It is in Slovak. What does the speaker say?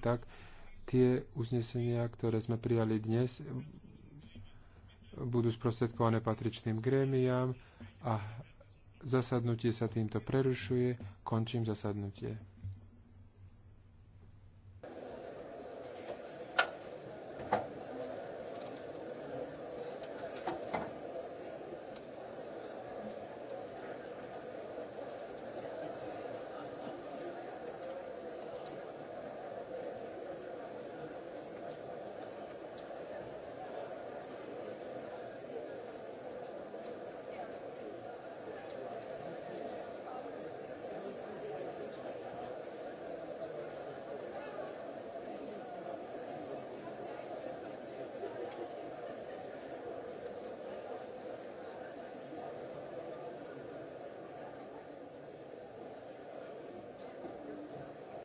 tak tie uznesenia, ktoré sme prijali dnes, budú sprostredkované patričným grémiám a zasadnutie sa týmto prerušuje. Končím zasadnutie.